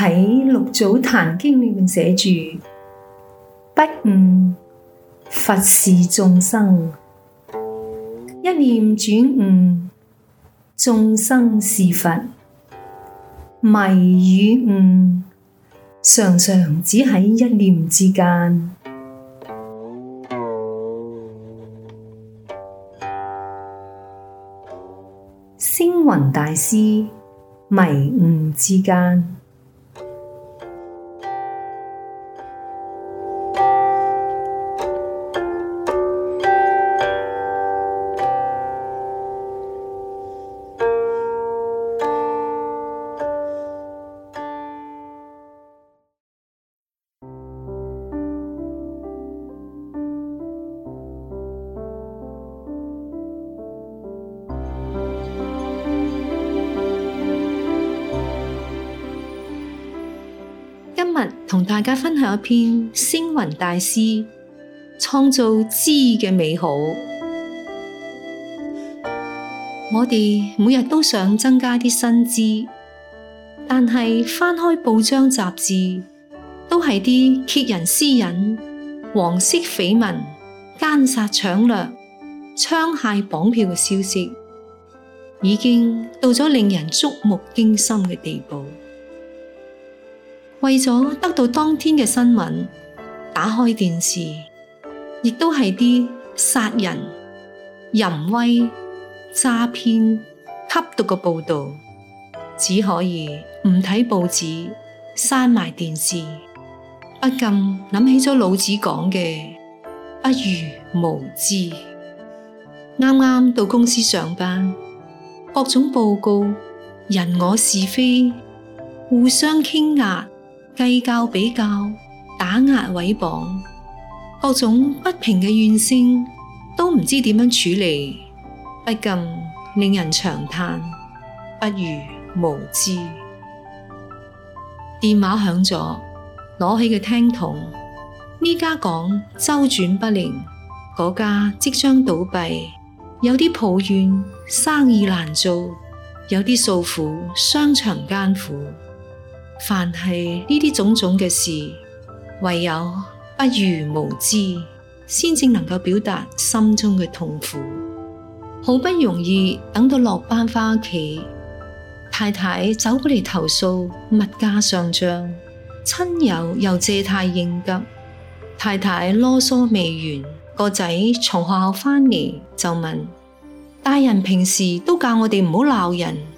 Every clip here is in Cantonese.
喺六祖壇經裏面寫住，不悟，佛是眾生，一念轉悟眾生是佛，迷與悟，常常只喺一念之間。星雲大師，迷悟之間。同大家分享一篇星雲大師創造知嘅美好。我哋每日都想增加啲新知，但係翻開報章雜誌，都係啲揭人私隱、黃色緋聞、奸殺搶掠、槍械綁票嘅消息，已經到咗令人觸目驚心嘅地步。為咗得到當天嘅新聞，打開電視，亦都係啲殺人、淫威、詐騙、吸毒嘅報道，只可以唔睇報紙，閂埋電視。不禁諗起咗老子講嘅：不如無知。啱啱到公司上班，各種報告，人我是非，互相傾軋。計較比較、打壓、毀謗，各種不平嘅怨聲都唔知點樣處理，不禁令人長嘆，不如無知。電話響咗，攞起個聽筒，呢家講周轉不靈，嗰家即將倒閉，有啲抱怨生意難做，有啲訴苦商場艱苦。凡係呢啲種種嘅事，唯有不如無知，先至能夠表達心中嘅痛苦。好不容易等到落班返屋企，太太走過嚟投訴物價上漲，親友又借貸應急。太太囉嗦未完，個仔從學校返嚟就問：大人平時都教我哋唔好鬧人。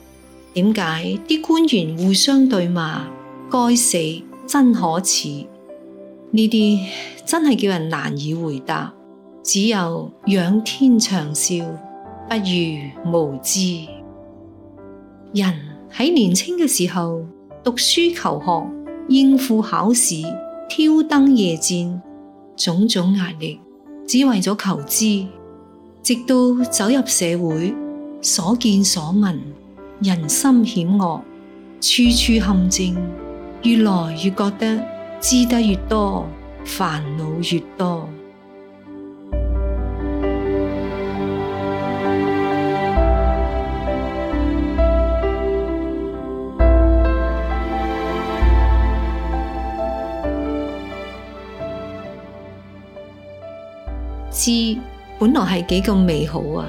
點解啲官員互相對罵？該死，真可恥！呢啲真係叫人難以回答。只有仰天長嘯，不如無知。人喺年輕嘅時候讀書求學，應付考試，挑燈夜戰，種種壓力，只為咗求知。直到走入社會，所見所聞。人心險惡，處處陷阱，越來越覺得知得越多，煩惱越多。 知本來係幾咁美好啊！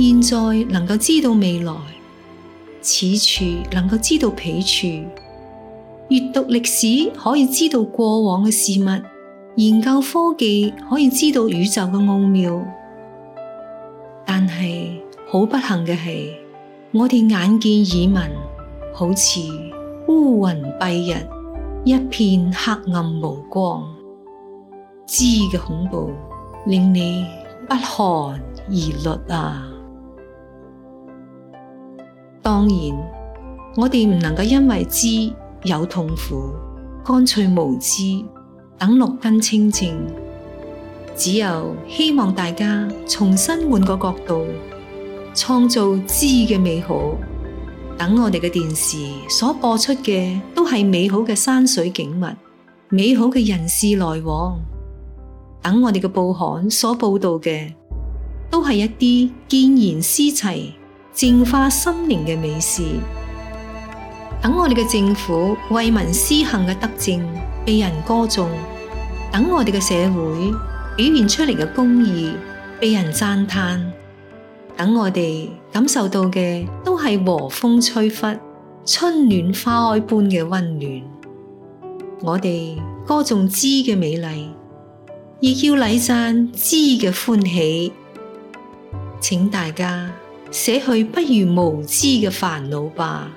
現在能夠知道未來，此處能夠知道彼處，閱讀歷史可以知道過往嘅事物，研究科技可以知道宇宙嘅奧妙。但係好不幸嘅係，我哋眼見耳聞好似烏雲蔽日，一片黑暗無光，知嘅恐怖令你不寒而慄啊！當然，我哋唔能夠因為知有痛苦，乾脆無知，等六根清淨。只有希望大家重新換個角度，創造知嘅美好。等我哋嘅電視所播出嘅都係美好嘅山水景物，美好嘅人事來往。等我哋嘅報刊所報道嘅都係一啲見賢思齊。淨化心靈嘅美事，等我哋嘅政府為民施行嘅德政被人歌頌，等我哋嘅社會表現出嚟嘅公義被人讚嘆，等我哋感受到嘅都係和風吹拂、春暖花開般嘅溫暖。我哋歌頌知嘅美麗，亦要禮讚知嘅歡喜，請大家。捨去不如無知嘅煩惱吧。